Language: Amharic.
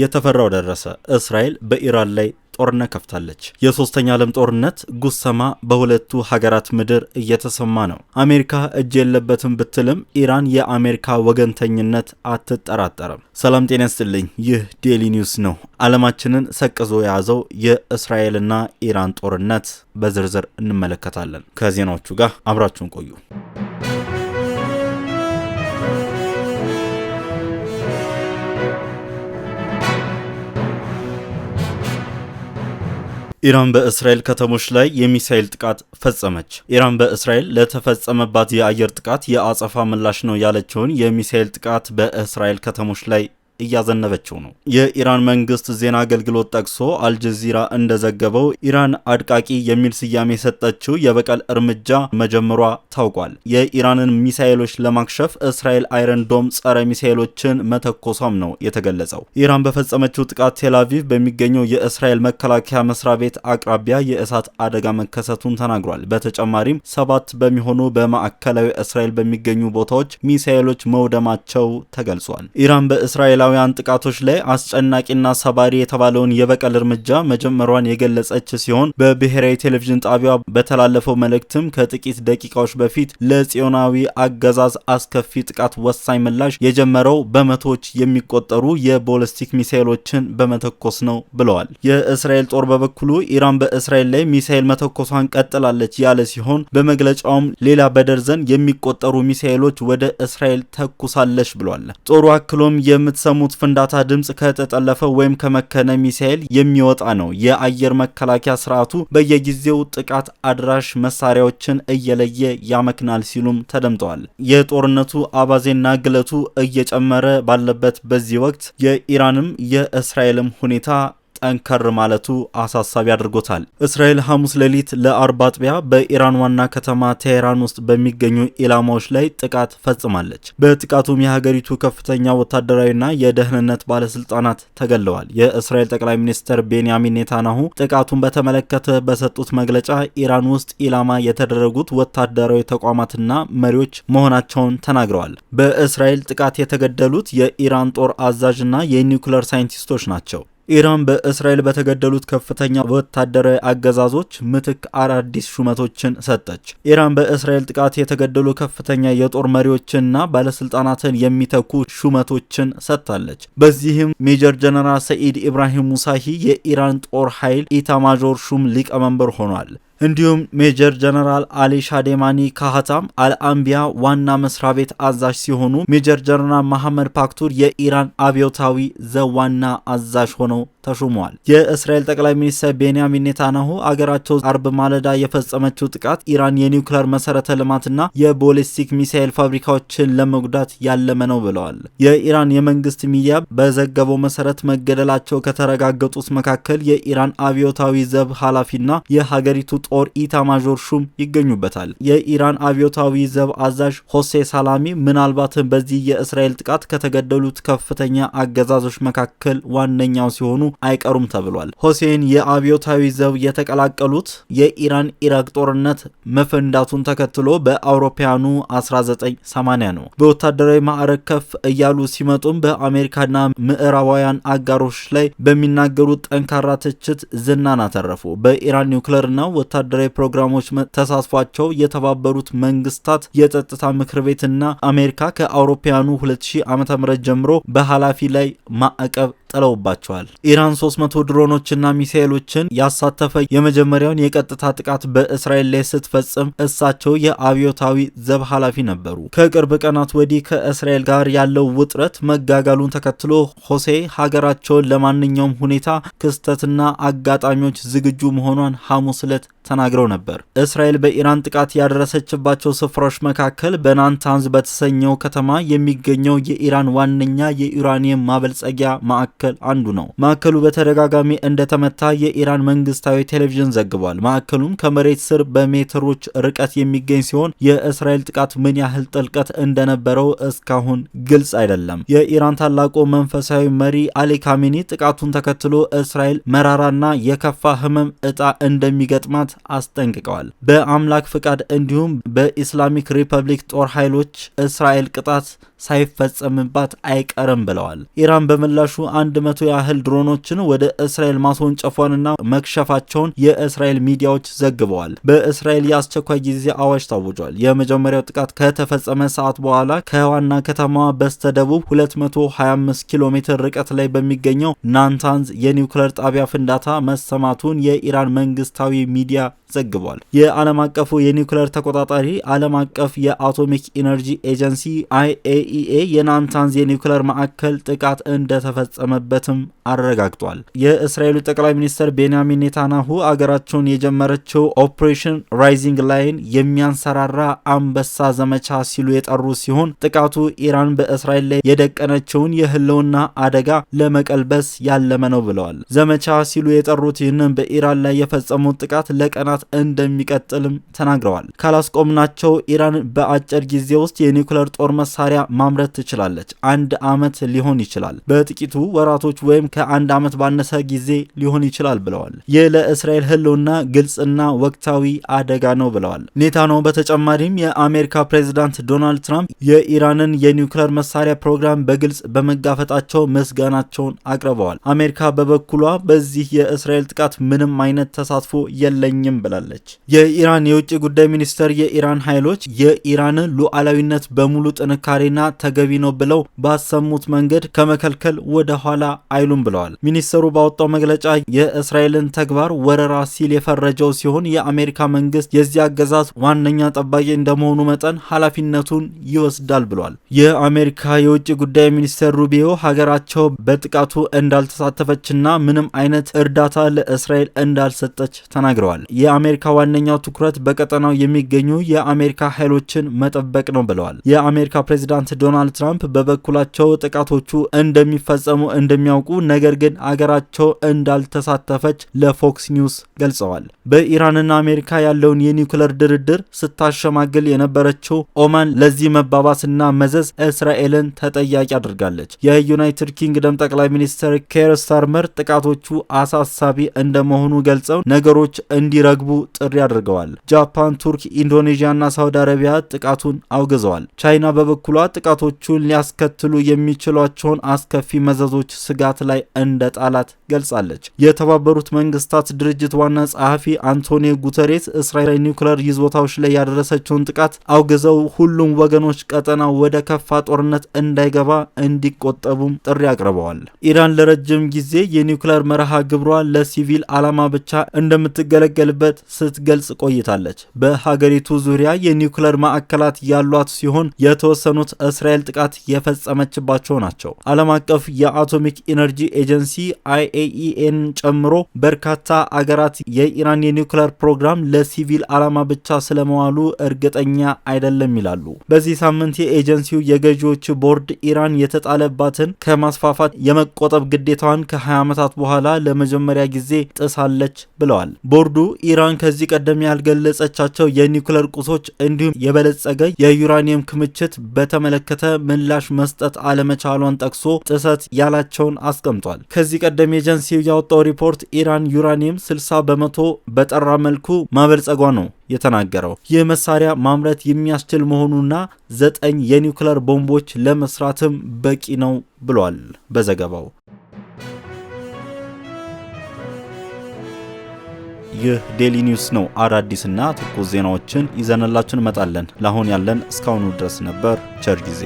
የተፈራው ደረሰ። እስራኤል በኢራን ላይ ጦርነት ከፍታለች። የሶስተኛ ዓለም ጦርነት ጉሰማ በሁለቱ ሀገራት ምድር እየተሰማ ነው። አሜሪካ እጅ የለበትም ብትልም ኢራን የአሜሪካ ወገንተኝነት አትጠራጠርም። ሰላም ጤና ይስጥልኝ። ይህ ዴሊ ኒውስ ነው። ዓለማችንን ሰቅዞ የያዘው የእስራኤልና ኢራን ጦርነት በዝርዝር እንመለከታለን። ከዜናዎቹ ጋር አብራችሁን ቆዩ። ኢራን በእስራኤል ከተሞች ላይ የሚሳኤል ጥቃት ፈጸመች። ኢራን በእስራኤል ለተፈጸመባት የአየር ጥቃት የአጸፋ ምላሽ ነው ያለችውን የሚሳኤል ጥቃት በእስራኤል ከተሞች ላይ እያዘነበችው ነው። የኢራን መንግስት ዜና አገልግሎት ጠቅሶ አልጀዚራ እንደዘገበው ኢራን አድቃቂ የሚል ስያሜ የሰጠችው የበቀል እርምጃ መጀመሯ ታውቋል። የኢራንን ሚሳኤሎች ለማክሸፍ እስራኤል አይረን ዶም ጸረ ሚሳኤሎችን መተኮሷም ነው የተገለጸው። ኢራን በፈጸመችው ጥቃት ቴላቪቭ በሚገኘው የእስራኤል መከላከያ መስሪያ ቤት አቅራቢያ የእሳት አደጋ መከሰቱን ተናግሯል። በተጨማሪም ሰባት በሚሆኑ በማዕከላዊ እስራኤል በሚገኙ ቦታዎች ሚሳኤሎች መውደማቸው ተገልጿል። ኢራን በእስራኤል በእስራኤላውያን ጥቃቶች ላይ አስጨናቂና ሰባሪ የተባለውን የበቀል እርምጃ መጀመሯን የገለጸች ሲሆን በብሔራዊ ቴሌቪዥን ጣቢያ በተላለፈው መልእክትም ከጥቂት ደቂቃዎች በፊት ለጽዮናዊ አገዛዝ አስከፊ ጥቃት ወሳኝ ምላሽ የጀመረው በመቶዎች የሚቆጠሩ የቦለስቲክ ሚሳኤሎችን በመተኮስ ነው ብለዋል። የእስራኤል ጦር በበኩሉ ኢራን በእስራኤል ላይ ሚሳኤል መተኮሷን ቀጥላለች ያለ ሲሆን በመግለጫውም ሌላ በደርዘን የሚቆጠሩ ሚሳኤሎች ወደ እስራኤል ተኩሳለች ብሏል። ጦሩ አክሎም የምትሰሙ የሰሙት ፍንዳታ ድምፅ ከተጠለፈ ወይም ከመከነ ሚሳኤል የሚወጣ ነው። የአየር መከላከያ ስርዓቱ በየጊዜው ጥቃት አድራሽ መሳሪያዎችን እየለየ ያመክናል ሲሉም ተደምጠዋል። የጦርነቱ አባዜና ግለቱ እየጨመረ ባለበት በዚህ ወቅት የኢራንም የእስራኤልም ሁኔታ ጠንከር ማለቱ አሳሳቢ አድርጎታል። እስራኤል ሐሙስ ሌሊት ለአርብ አጥቢያ በኢራን ዋና ከተማ ቴሄራን ውስጥ በሚገኙ ኢላማዎች ላይ ጥቃት ፈጽማለች። በጥቃቱም የሀገሪቱ ከፍተኛ ወታደራዊና የደህንነት ባለስልጣናት ተገለዋል። የእስራኤል ጠቅላይ ሚኒስትር ቤንያሚን ኔታናሁ፣ ጥቃቱን በተመለከተ በሰጡት መግለጫ ኢራን ውስጥ ኢላማ የተደረጉት ወታደራዊ ተቋማትና መሪዎች መሆናቸውን ተናግረዋል። በእስራኤል ጥቃት የተገደሉት የኢራን ጦር አዛዥና የኒውክለር ሳይንቲስቶች ናቸው። ኢራን በእስራኤል በተገደሉት ከፍተኛ ወታደራዊ አገዛዞች ምትክ አዳዲስ ሹመቶችን ሰጠች። ኢራን በእስራኤል ጥቃት የተገደሉ ከፍተኛ የጦር መሪዎችንና ባለስልጣናትን የሚተኩ ሹመቶችን ሰጥታለች። በዚህም ሜጀር ጀነራል ሰኢድ ኢብራሂም ሙሳሂ የኢራን ጦር ኃይል ኢታማዦር ሹም ሊቀመንበር ሆኗል። እንዲሁም ሜጀር ጀነራል አሊ ሻዴማኒ ካህታም አልአምቢያ ዋና መስሪያ ቤት አዛዥ ሲሆኑ ሜጀር ጀነራል መሐመድ ፓክቱር የኢራን አብዮታዊ ዘዋና አዛዥ ሆነው ተሹሟል። የእስራኤል ጠቅላይ ሚኒስትር ቤንያሚን ኔታናሁ አገራቸው አርብ ማለዳ የፈጸመችው ጥቃት ኢራን የኒውክሌር መሰረተ ልማትና የቦሊስቲክ ሚሳኤል ፋብሪካዎችን ለመጉዳት ያለመ ነው ብለዋል። የኢራን የመንግስት ሚዲያ በዘገበው መሰረት መገደላቸው ከተረጋገጡት መካከል የኢራን አብዮታዊ ዘብ ኃላፊና የሀገሪቱ ጦር ኢታማዦር ሹም ይገኙበታል። የኢራን አብዮታዊ ዘብ አዛዥ ሆሴ ሳላሚ ምናልባትም በዚህ የእስራኤል ጥቃት ከተገደሉት ከፍተኛ አገዛዞች መካከል ዋነኛው ሲሆኑ አይቀሩም ተብሏል። ሆሴን የአብዮታዊ ዘብ የተቀላቀሉት የኢራን ኢራቅ ጦርነት መፈንዳቱን ተከትሎ በአውሮፓውያኑ 1980 ነው። በወታደራዊ ማዕረግ ከፍ እያሉ ሲመጡም በአሜሪካና ምዕራባውያን አጋሮች ላይ በሚናገሩት ጠንካራ ትችት ዝናን አተረፉ። በኢራን ኒውክለርና ወታደራዊ ፕሮግራሞች ተሳትፏቸው የተባበሩት መንግስታት የጸጥታ ምክር ቤትና አሜሪካ ከአውሮፓውያኑ 2000 ዓ.ም ጀምሮ በኃላፊ ላይ ማዕቀብ ጥለውባቸዋል። ኢራን 300 ድሮኖችና ሚሳኤሎችን ያሳተፈ የመጀመሪያውን የቀጥታ ጥቃት በእስራኤል ላይ ስትፈጽም እሳቸው የአብዮታዊ ዘብ ኃላፊ ነበሩ። ከቅርብ ቀናት ወዲህ ከእስራኤል ጋር ያለው ውጥረት መጋጋሉን ተከትሎ ሆሴ ሀገራቸውን ለማንኛውም ሁኔታ ክስተትና አጋጣሚዎች ዝግጁ መሆኗን ሐሙስ ዕለት ተናግረው ነበር። እስራኤል በኢራን ጥቃት ያደረሰችባቸው ስፍራዎች መካከል በናታንዝ በተሰኘው ከተማ የሚገኘው የኢራን ዋነኛ የዩራኒየም ማበልጸጊያ ማዕከል አንዱ ነው። ማዕከሉ በተደጋጋሚ እንደተመታ የኢራን መንግስታዊ ቴሌቪዥን ዘግቧል። ማዕከሉም ከመሬት ስር በሜትሮች ርቀት የሚገኝ ሲሆን የእስራኤል ጥቃት ምን ያህል ጥልቀት እንደነበረው እስካሁን ግልጽ አይደለም። የኢራን ታላቁ መንፈሳዊ መሪ አሊ ካሚኒ ጥቃቱን ተከትሎ እስራኤል መራራና የከፋ ህመም እጣ እንደሚገጥማት አስጠንቅቀዋል። በአምላክ ፍቃድ እንዲሁም በኢስላሚክ ሪፐብሊክ ጦር ኃይሎች እስራኤል ቅጣት ሳይፈጸምባት አይቀርም ብለዋል። ኢራን በምላሹ አንድ መቶ ያህል ድሮኖች ሚሳይሎችን ወደ እስራኤል ማስወንጨፏንና መክሸፋቸውን የእስራኤል ሚዲያዎች ዘግበዋል። በእስራኤል የአስቸኳይ ጊዜ አዋጅ ታውጇል። የመጀመሪያው ጥቃት ከተፈጸመ ሰዓት በኋላ ከዋና ከተማዋ በስተደቡብ 225 ኪሎ ሜትር ርቀት ላይ በሚገኘው ናንታንዝ የኒውክለር ጣቢያ ፍንዳታ መሰማቱን የኢራን መንግስታዊ ሚዲያ ዘግቧል። የዓለም አቀፉ የኒውክለር ተቆጣጣሪ ዓለም አቀፍ የአቶሚክ ኢነርጂ ኤጀንሲ አይኤኢኤ የናንታንዝ የኒውክለር ማዕከል ጥቃት እንደተፈጸመበትም አረጋግጧል። አረጋግጧል። የእስራኤሉ ጠቅላይ ሚኒስትር ቤንያሚን ኔታንያሁ አገራቸውን የጀመረችው ኦፕሬሽን ራይዚንግ ላይን የሚያንሰራራ አንበሳ ዘመቻ ሲሉ የጠሩ ሲሆን ጥቃቱ ኢራን በእስራኤል ላይ የደቀነችውን የህልውና አደጋ ለመቀልበስ ያለመ ነው ብለዋል። ዘመቻ ሲሉ የጠሩት ይህንን በኢራን ላይ የፈጸሙት ጥቃት ለቀናት እንደሚቀጥልም ተናግረዋል። ካላስቆምናቸው ኢራን በአጭር ጊዜ ውስጥ የኒውክለር ጦር መሳሪያ ማምረት ትችላለች። አንድ አመት ሊሆን ይችላል። በጥቂቱ ወራቶች ወይም ከአንድ ዓመት ባነሰ ጊዜ ሊሆን ይችላል ብለዋል። ይህ ለእስራኤል ህልውና ግልጽና ወቅታዊ አደጋ ነው ብለዋል ኔታንያሁ። በተጨማሪም የአሜሪካ ፕሬዚዳንት ዶናልድ ትራምፕ የኢራንን የኒውክሌር መሳሪያ ፕሮግራም በግልጽ በመጋፈጣቸው ምስጋናቸውን አቅርበዋል። አሜሪካ በበኩሏ በዚህ የእስራኤል ጥቃት ምንም አይነት ተሳትፎ የለኝም ብላለች። የኢራን የውጭ ጉዳይ ሚኒስተር የኢራን ኃይሎች የኢራንን ሉዓላዊነት በሙሉ ጥንካሬና ተገቢ ነው ብለው ባሰሙት መንገድ ከመከልከል ወደ ኋላ አይሉም ብለዋል። ሚኒስትሩ ባወጣው መግለጫ የእስራኤልን ተግባር ወረራ ሲል የፈረጀው ሲሆን የአሜሪካ መንግስት የዚህ አገዛዝ ዋነኛ ጠባቂ እንደመሆኑ መጠን ኃላፊነቱን ይወስዳል ብሏል። የአሜሪካ የውጭ ጉዳይ ሚኒስትር ሩቢዮ ሀገራቸው በጥቃቱ እንዳልተሳተፈችና ምንም አይነት እርዳታ ለእስራኤል እንዳልሰጠች ተናግረዋል። የአሜሪካ ዋነኛው ትኩረት በቀጠናው የሚገኙ የአሜሪካ ኃይሎችን መጠበቅ ነው ብለዋል። የአሜሪካ ፕሬዚዳንት ዶናልድ ትራምፕ በበኩላቸው ጥቃቶቹ እንደሚፈጸሙ እንደሚያውቁ ነገር ግን አገራቸው እንዳልተሳተፈች ለፎክስ ኒውስ ገልጸዋል። በኢራንና አሜሪካ ያለውን የኒውክለር ድርድር ስታሸማግል የነበረችው ኦማን ለዚህ መባባስና መዘዝ እስራኤልን ተጠያቂ አድርጋለች። የዩናይትድ ኪንግደም ጠቅላይ ሚኒስትር ኬር ስታርመር ጥቃቶቹ አሳሳቢ እንደመሆኑ ገልጸው ነገሮች እንዲረግቡ ጥሪ አድርገዋል። ጃፓን፣ ቱርክ፣ ኢንዶኔዥያና ሳውዲ አረቢያ ጥቃቱን አውግዘዋል። ቻይና በበኩሏ ጥቃቶቹን ሊያስከትሉ የሚችሏቸውን አስከፊ መዘዞች ስጋት ላይ እንደ ለጣላት ገልጻለች። የተባበሩት መንግስታት ድርጅት ዋና ጸሐፊ አንቶኒዮ ጉተሬስ እስራኤል ኒውክሌር ይዞታዎች ላይ ያደረሰችውን ጥቃት አውግዘው ሁሉም ወገኖች ቀጠናው ወደ ከፋ ጦርነት እንዳይገባ እንዲቆጠቡም ጥሪ አቅርበዋል። ኢራን ለረጅም ጊዜ የኒውክሌር መርሃ ግብሯ ለሲቪል ዓላማ ብቻ እንደምትገለገልበት ስትገልጽ ቆይታለች። በሀገሪቱ ዙሪያ የኒውክሌር ማዕከላት ያሏት ሲሆን የተወሰኑት እስራኤል ጥቃት የፈጸመችባቸው ናቸው። ዓለም አቀፍ የአቶሚክ ኢነርጂ ኤጀንሲ አይኤኢኤን ጨምሮ በርካታ አገራት የኢራን የኒውክሌር ፕሮግራም ለሲቪል ዓላማ ብቻ ስለመዋሉ እርግጠኛ አይደለም ይላሉ። በዚህ ሳምንት የኤጀንሲው የገዢዎች ቦርድ ኢራን የተጣለባትን ከማስፋፋት የመቆጠብ ግዴታዋን ከ20 ዓመታት በኋላ ለመጀመሪያ ጊዜ ጥሳለች ብለዋል። ቦርዱ ኢራን ከዚህ ቀደም ያልገለጸቻቸው የኒውክሌር ቁሶች እንዲሁም የበለጸገ የዩራኒየም ክምችት በተመለከተ ምላሽ መስጠት አለመቻሏን ጠቅሶ ጥሰት ያላቸውን አስቀምጧል። ከዚህ ቀደም ኤጀንሲው ያወጣው ሪፖርት ኢራን ዩራኒየም 60 በመቶ በጠራ መልኩ ማበልጸጓ ነው የተናገረው። ይህ መሳሪያ ማምረት የሚያስችል መሆኑና ዘጠኝ የኒውክለር ቦምቦች ለመስራትም በቂ ነው ብሏል በዘገባው። ይህ ዴሊ ኒውስ ነው። አዳዲስና ትኩስ ዜናዎችን ይዘንላችሁ እንመጣለን። ለአሁን ያለን እስካሁኑ ድረስ ነበር። ቸር ጊዜ